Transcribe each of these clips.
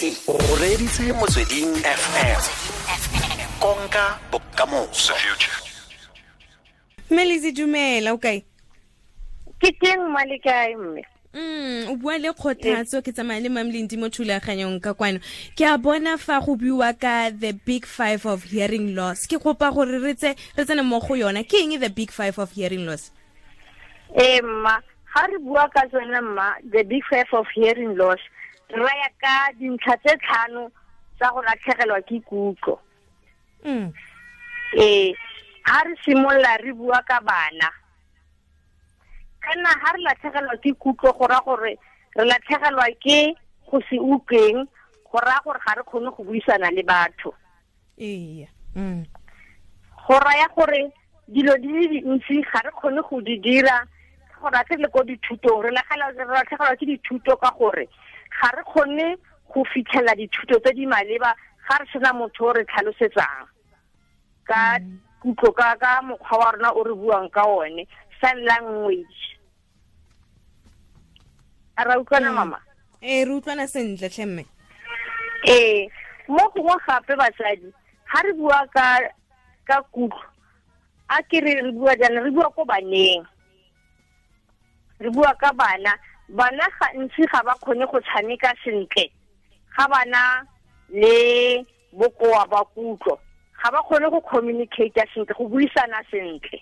se o reditse motsweding fm konka bokamoso mme lese dumela o kae ke teng malekae mme mm o bua le kgothatso ke tsamaya le mamlendi mo thulaganyong ka kwano ke a bona fa go buiwa ka the big five of hearing loss ke kopa gore re tse re tsene mo go yona ke eng the big five of hearing loss ee mma ga re bua ka tsone mma the big five of hearing loss ra ya ka dintlha tse tlhano tsa go latlhegelwa ke kutlo ee ga re simolola re bua ka bana kana ga re latlhegelwa ke kutlo go raya gore re latlhegelwa ke go se utlweng go raya gore ga re kgone go buisana le batho go raya gore dilo di le dintsi ga re kgone go di dira go ratse le ko dithutong re latlhegelwa ke dithuto ka gore ga re kgone go fitlhela dithuto tse di maleba ga re sena motho o re tlhalosetsang ka kutlo ka ka mokgwa wa rona o re buang ka one sign language a ra utlwana mm. mama e re utlwana sentle tlhemme ee eh, mo gongwe gape basadi ga re bua ka ka kutlo a ke re re bua jaana re bua ko baneng re bua ka bana bana gantsi ga ba kgone go tshameka sentle ga bana le bokoa ba kutlo ga ba kgone go communicate sentle go buisana sentle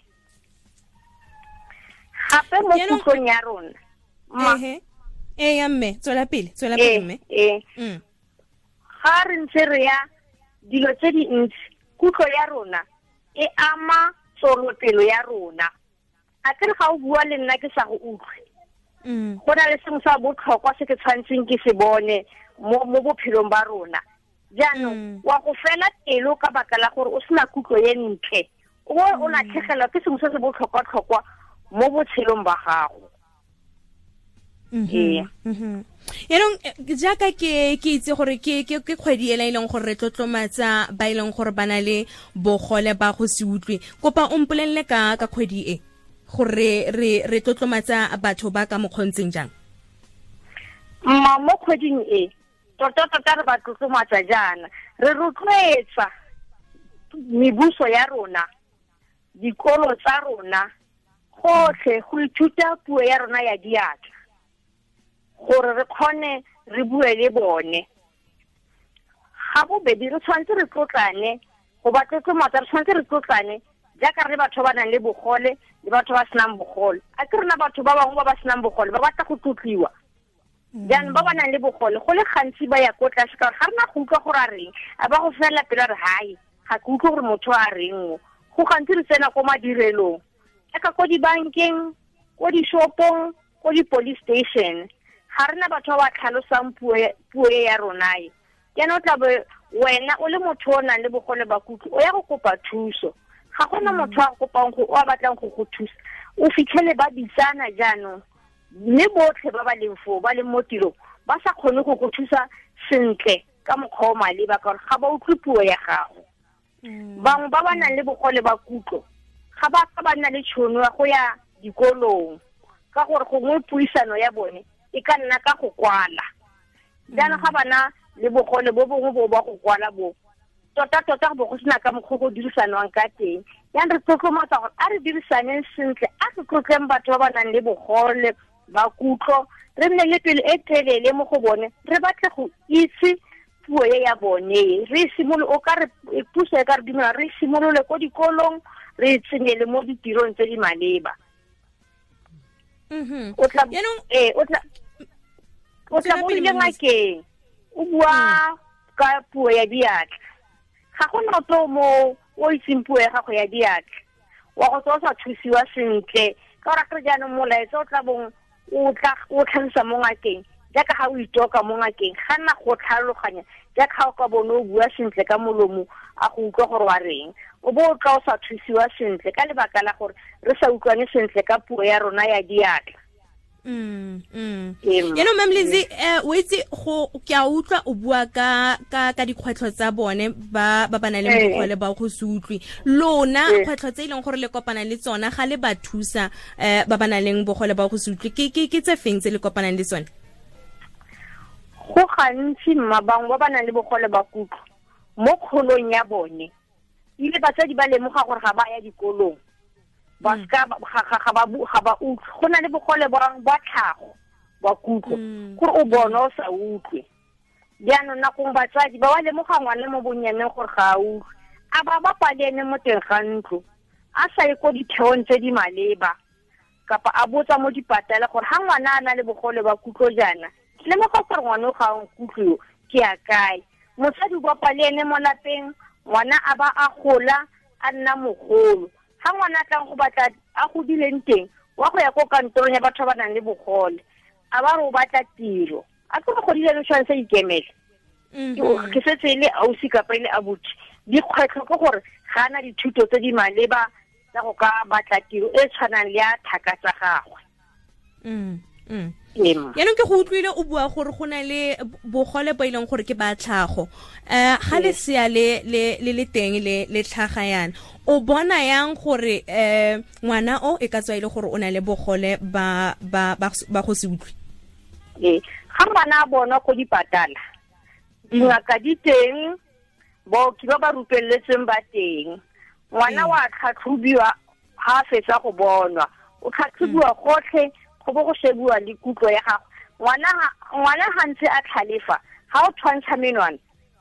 gape mo kutlong ya rona e ya mme tswela pele tswela pele eh, mme eh. Mm. ga re ntse re ya dilo tse dintsi kutlo ya rona e ama tswelopelo ya rona a kere ga o bua le nna ke sa go utlwe Mm. go na le sengwe sa botlhokwa se ke tshwanetseng ke se bone mo bophelong ba rona jaanong mm. wa go fela pelo ka baka la gore o sena kutlo ye ntle o o mm. latlhegelwa ke sengwe se se botlhokwa-tlhokwa mo botshelong ba gago yaanong mm-hmm. mm-hmm. eh, jaaka ke ke itse gore ke ke kgwedi ela e leng gore re tlotlomatsa ba e leng gore ba na le bogole ba go se utlwe kopa o mpolelele ka ka kgwedi e gore re re tlotlomatsa batho ba ka mokgontseng jang mma mo kgweding e tota-tota re ba tlotlomatsa jaana re rotloetsa mebuso ya rona dikolo tsa rona gotlhe go ithuta puo ya rona ya diatla gore re kgone re bue le bone ga bobedi re tshwanetse re tlotlane go ba tlotlomatsa re tshwanetse re tlotlane jaaka re batho ba nang le bogole le batho ba senang bogole a ke rena batho ba bangwe ba ba senang bogole ba batla go tlotliwa mm. jaanong ba ba nang le bogole go le gantsi ba ya ko tlase ka gore ga rena go utlwa gore a reng a ba go felela pelo a re hae ga ke utlwe gore motho a reng go gantsi re tsena ko madirelong jaaka ko dibankeng ko dishopong ko di-police station ga rena batho ba ba tlhalosang puo e ya ronae jaanong o tlabe wena o le motho o nang le bogole bakutlo o ya go kopa thuso ga gona mm. motho a kopang go o a batlang go go thusa o fitlhele ba bitsana jaanong mme botlhe ba ba leng foo ba leng mo tirong ba sa kgone go go thusa sentle ka mokgwa o maleba ka gore ga ba utlwe puo ya gago mm. bangwe ba ba nang le bogole ba kutlo ga ba ka ba nna le tšhono ya go ya dikolong ka gore gongwe puisano ya bone e ka nna ka go kwala jaanong ga mm. bana le bogole bo bongwe bo ba go kwala boo tota-tota go tota bo go sena ka mokgwa go dirisanwang ka teng yang re tlotlomatsa gore a re dirisaneng sentle a re tlotleng batho ba ba nang le bogole ba kutlo re nne le pele e telele mo go bone re batle go itse puo e ya bone re simolo o ka re e, puso e ka re dumela re simolole ko dikolong re tsenyele mo ditirong tse di maleba mm-hmm. o tla e, mo ile ngakeng o bua mm. ka puo ya diatla ga go notlo mo o itseng puo ya gago ya diatla wa go tsa o sa thusiwa sentle ka gore kere jaanong molaetsa o tla bong o tlhagisa mo ngakeng jaaka ga o itoka mo ngakeng ga nna go tlhaloganya jaaka ga o ka bone o bua sentle ka molomo a go utlwa gore wa reng o bo o tla o sa thusiwa sentle ka lebaka la gore re sa utlwane sentle ka puo ya rona ya diatla Mm, mm. yaanong mamlezi um eh, o itse go ke a utlwa o bua ka ka dikgwetlho tsa bone ba ba na le eh. mogole ba go se utlwe lona eh. kgwetlho tse e leng gore le kopana le tsona ga le ba thusa um ba ba nang leng bogole ba go se utlwe ke tse feng tse le kopanang le tsone go gantsi mma bangwe ba ba nang le bogole ba kutlo mo kgolong ya bone ile e batsadi ba lemoga gore ga ba ya dikolong Bas ka ba baxa ba baxa ba ouchi. Konan li bo kone ban bwak chako. Bwa koutou. Mm. Konan li bo kone sa ouchi. Diyan nan nan kon bwak chaci. Ba wale mwaka an wane mwabonye men kwa ouchi. Aba wapa le mwen tenkankou. Asa ye kou di tyon te di maleba. Kapa abo sa mwajipate. La kou an wana an li bo kone bwa koutou jana. Si le mwaka an wane kou koutou. Ti a kay. Mwasa di wapa le mwen apen. Mwana aba akola. An nan mwakolou. ga ngwana a tlang go batla a godileng teng wa go ya ko kantorong ya batho ba nang le bogole a ba re o batla tiro a tlo godileng tshwanetse a ikemele mm-hmm. ke setse e le ausi kapa e le abuti dikgwetlho ke gore ga ana dithuto tse di maleba tsa go ka batla tiro e tshwanang le ya thaka tsa gagwe mm. Mm. yaanong ke go utlwile o bua gore go na le bogole bo e leng gore ke ba tlhago um ga lesea le le teng le tlhaga yana o bona yang gore um ngwana o e ka tswa e le gore o na le bogole ba go se utlwe ee ga ngwana a bona go dipatala mm. dingaka di teng baoki ba ba rupelletseng ba teng ngwana mm. wa tlhatlhobiwa ga a fetsa go bonwa o tlhatlhobiwa gotlhe mm. go bo go shebiwa le kutlo ya gago ngwana gantse a tlhalefa ga o tshwantsha menwana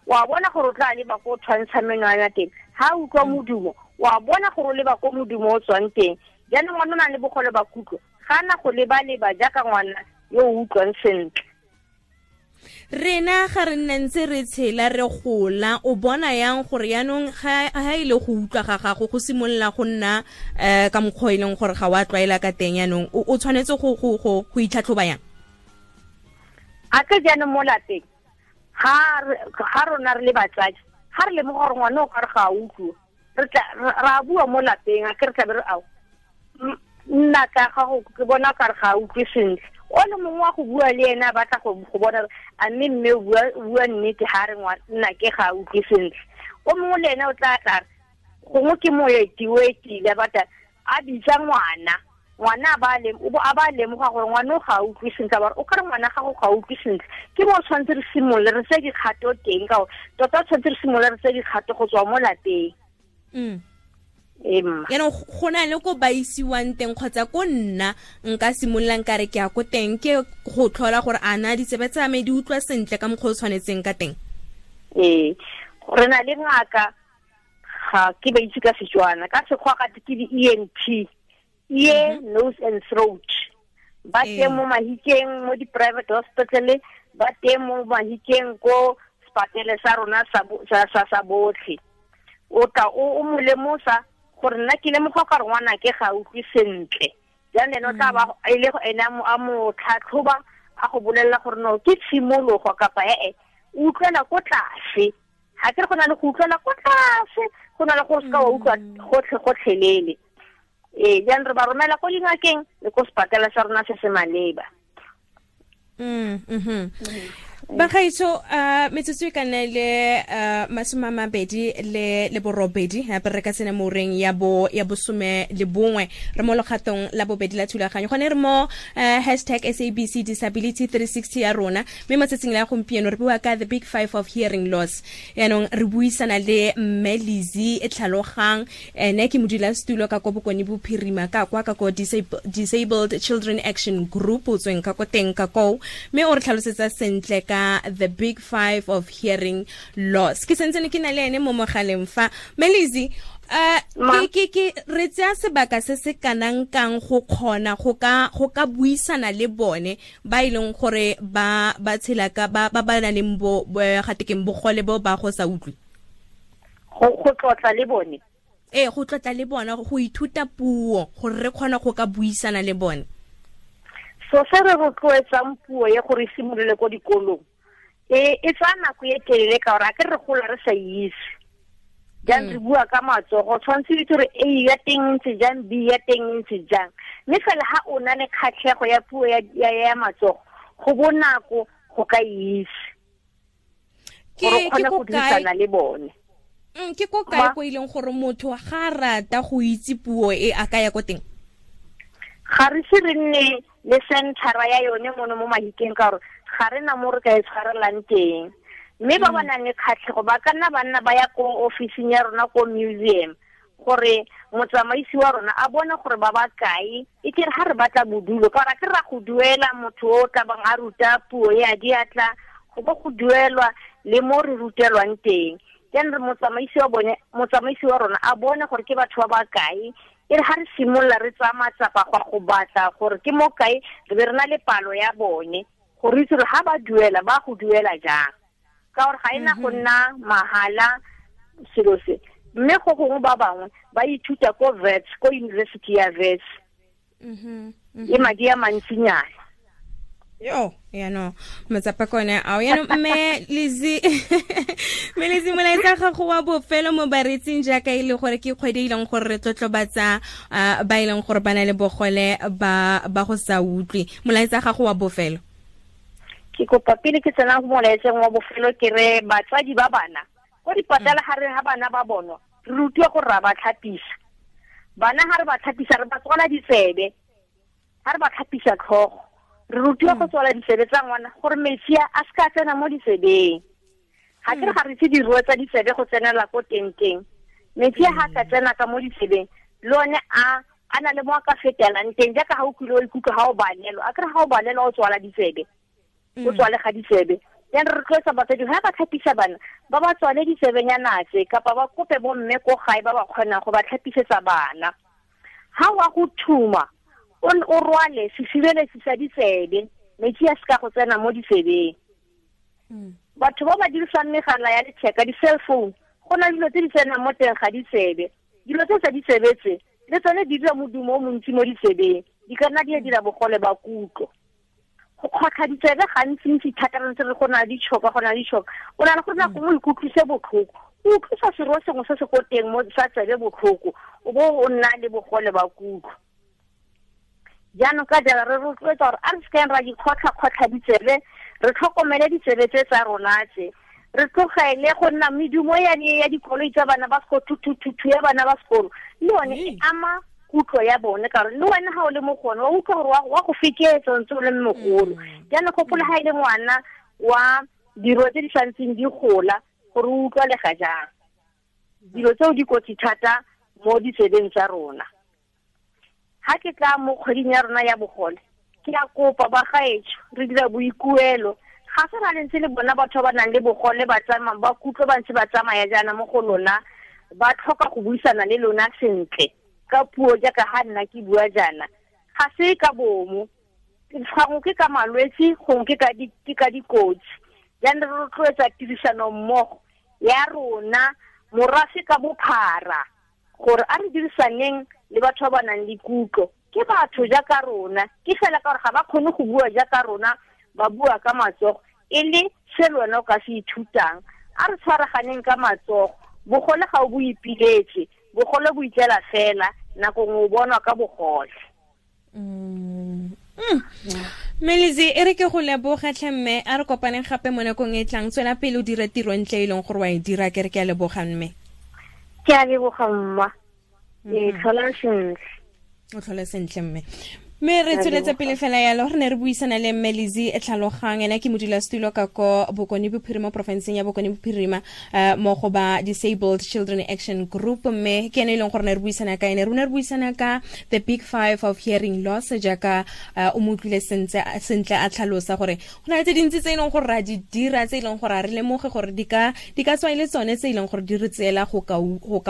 wa bona gore o tla leba ko o tshwantsha menwana teng ga a utlwa modumo wa bona gore o leba ko modumo o tswang teng jaanong ngwana o na le bogole ba kutlo ga na go lebaleba jaaka ngwana yo o utlwang sentle rena ga re nne ntse re tshela re gola o bona yang gore yaanong ga e le go utlwa ga gago go simolola go nna um ka mokgwa e leng gore ga o a tlwaela ka teng yaanong o tshwanetse go itlhatlhoba yang a ke jaanong mo lapeng ga rona re le batsadi ga re lemoga gore ngwana o ka re ga a utlwo ra bua mo lapeng a ke re tlabe re ao nna ka gago ke bona ka re ga a utlwe sentle O loun moun wakou wou alen a batak wou mou kou bon al, a min moun wou an neti har nwan nake kwa oukisint. O moun lenen wata tar, kou moun ki moun yati wati la batak, api jan mou ana, wana abalem, wou abalem mou kakou anou kwa oukisint, a bar okar an wana kwa oukisint. Ki moun chan diri simon lera zay di hato tenkaw, do ta chan diri simon lera zay di hato kwa zwa moun la te. yanong go na le ko ba isiwang teng kgotsa ko nna nka simololang kare ke ya ko teng ke go tlhola gore a na ditsebe tsa me di utlwa sentle ka mokgwa o tshwanetseng ka teng ee re na le ngaka ga ke ba itse ka setswana ka sekgwa gate ke di e n t ear mhm. nose and throat ba teng mo mahikeng mo di-private hospitale ba teng mo mahikeng ko spatele sa rona sa botlhe o tla o molemosa gore nna ke lemoga gore ngwana ke ga utlwe sentle jang ene o tla ba ile go ene a mo tlhatlhoba a go bolelela gore no ke tshimologo kapa ee utlwela ko tlase ga kere go na le go utlwela ko tlase go na le gore seka wa utlwa gotlhe-gotlhelele ee jang re ba romela ko dingakeng le ko sepatela sa rona se se maleba mm -hmm. Mm -hmm. bagaetsho um metsotso e ka nna le um masome a mabedi le le borobedi gape re ka tsena mo reng ya bosome le bongwe re mo logatong la bobedi la thulaganyo gone re mo hashtag sabc disability 360 ya rona mme matsatsing la gompieno re bua ka the big five of hearing loss yaanong re buisana le mme e tlhalogang ene ke modulasetulo ka ko bokone bophirima ka kwa ka ko disabled children action group o tsweng ka ko teng ka koo mme o re tlhalosetsa sentle ka ka the big five of hearing loss ke sentsene ke na le ene mo mogaleng fa melizy um uh, ke ke re tseya sebaka se se kanang kang go kgona go ka go ka buisana le bone ba e leng gore ba ba tshela ka ba ba na leng bo gatekeng bogole bo ba go sa utlwe go tlotla le bone ee eh, go tlotla le bona go ithuta puo gore re kgona go ka buisana le bone Sosare rokwe e sa mpue ya korisi mwile kwa di kolon. E, e sa anakwe ya kerele ka orake rokolare sa yis. Jan zibu mm. akam atok. Sonsi li tore e yate yinti jan, bi yate yinti jan. Nesal ha onane kache akwe ya pwe ya yam atok. Kogo nako, hokay yis. Koro konakot nisana li boni. Mm, Kiko kay kwe yon koromotwa e hara da huizi pwe akay akoteng? Harisi rinne. le centera ya yone mono mo mahikeng ka gore ga re na mo re ka e tshwarelang teng mme ba mm. ba nang le kgatlhego ba ka nna ba nna ba ya ko officing ya rona ko museum gore motsamaisi wa rona a bone gore ba ba kae e kere ga re batla bodulo ka gore a ke ra go duela motho o tla bang a ruta puo e a diatla go bo go duelwa le mo re rutelwang teng then re motsamaisi wa bone motsamaisi wa rona a bone gore ke batho ba ba kae e re ha re simolola re tsaya matsapa gwa go batla gore ke mo kae re be re na le palo ya bone gore itse gore ha ba duela ba go duela jang ka gore ga ena go mhm. nna mahala selo se mme go gongwe ba bangwe ba ithuta ko vets ko university ya vets mhm, mhm. e madi a mantsinyana yo ya no matsapa kone ao yaanong mme lezi mme lezi molaetsa gago wa bofelo mo baretsing jaaka e le gore ke kgwedi e leng gore re tlotlobatsa uh, ba e leng gore ba na le bogole ba go sa utlwe molaetsa gago wa bofelo ke kopa pele ke tsena go molaetseng wa bofelo ke re batswadi ba bana ko dipatala mm. ga re ga bana ba bonwa re rutiwa gore ra ba tlhapisa bana ga re ba tlhapisa re ba tswala ditsebe ga re ba tlhapisa tlhogo re rutiwa go tswala disebe tsa ngwana gore metsi a se tsena mo disebeng ga ke re hmm. ga re itse diruo tsa ditsebe go tsenela ko tenteng metsi a ga ka hmm. tsena ka mo disebeng le one a a na le mo a ka fetelang teng jaaka ga o kile o ikutlwa ga o balelwa a kere ga o balelwa o tswala disebe o hmm. tswale ga disebe then re rotloetsa batsadi ga ba tlhapisa bana ba ba tswale disebenyanatse kapa ba kope mme ko gae ba ba kgonang go ba tlhapisetsa bana ga wa go thuma o rwale se sa ditsebe metsi a se ka go tsena mo ditsebeng hmm. batho ba ba dirisang megala ya letheka di-cell phone go na dilo tse di tsenang mo teng ga ditsebe dilo tse tsa disebetse le tsone di dira modumo o montsi mo ditsebeng di ka nna di a dira bogole ba kutlo go kgotlha ditsebe gantsintsi ntsi thata re ntse re go na le ditšhoka go na le ditšhoka o na le gore nako mo ikutlwise botlhoko o utlwisa sero sengwe se se ko teng sa tsebe botlhoko o bo o nna le bogole ba kutlo jaanong ka jala re rotloetsa gore a re sekeng ra dikgotlha-kgotlha ditsebe re tlhokomele ditsebe tse tsa rona tse re tlogele go nna medumo yane ya dikoloi tsa bana ba sekolo thuthuthuthu ya bana ba sekolo le yone e ee. ama kutlo ya bone ka gore le wena ga o le mo gone wa utlwa gore wa go feketsa ntse o le mogolo mm. jaanong gopola ga e le ngwana wa diro tse di santseng di gola gore o utlwalega jang dilo tseo di thata mo ditsebeng tsa rona ha ke tla mo kgweding ya rona ya bogole ke ya kopa ba gaetso re dira boikuelo ga se ra le ntse le bona batho ba ba nang le bogole ba tsamaya ba kutlwa ba ntse ba tsamaya jaana mo go lona ba tlhoka go buisana le lona sentle ka puo jaaka ga nna ke bua jaana ga se ka bomo gangwe ke ka malwetse gongwe ke ka dikotsi jaanong re rotloetsa tirisano mmogo ya rona morafe ka bophara gore a re dirisaneng le batho ba ba nang le kutlo ke batho jaaka rona ke fela ka gore ga ba kgone go bua jaaka rona ba bua ka matsogo e le se le wena o ka se ithutang a re tshwaraganeng ka matsogo bogole ga o bo ipiletse bogole bo itlela fela nako ngwe o bonwa ka bogole mm. mm. melizi e re ke go lebogatlhe mme a re kopaneng gape mo nakong e tlang tswela pele o dira tiro ntle e leng gore wa e dira ke re ke a lebogang mme ke a lebogamma e tlhola sentle o tlhole sentle mme me re tsweletse pele fela yalo re ne re buisana le mmelezi e tlhalogang ena ke setulo ka ko bokone bophirima profenseng ya bokone bophirima eh, mo go ba disabled children action group mme ke ene e leng gore ne re buisana ka ene re ne re buisana ka the big five of hearing loss jaaka eh, o mo utlwile sentle a tlhalosa gore go na le tse dintsi tse e leng gore ra di dira tse e leng gore a re lemoge gore di ka tswa e le tsone tse e leng gore di re tseela go ka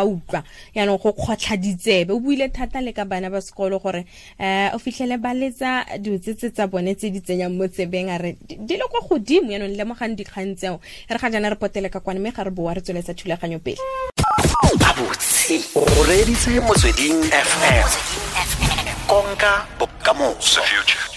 utlwa yaanong go kgotlha ditsebe o buile thata le ka bana ba sekolo gore um o fitlhe fitlhele ba letsa diotsetse tsa bone tse di tsenyang mo tsebeng a re di le kwa godimo yanong lemogang dikgang tseo re ga jaana re potele ka kwane mme ga re boa re tsweletsa thulaganyo pele babotse o reditse motsweding fm konka bokamoso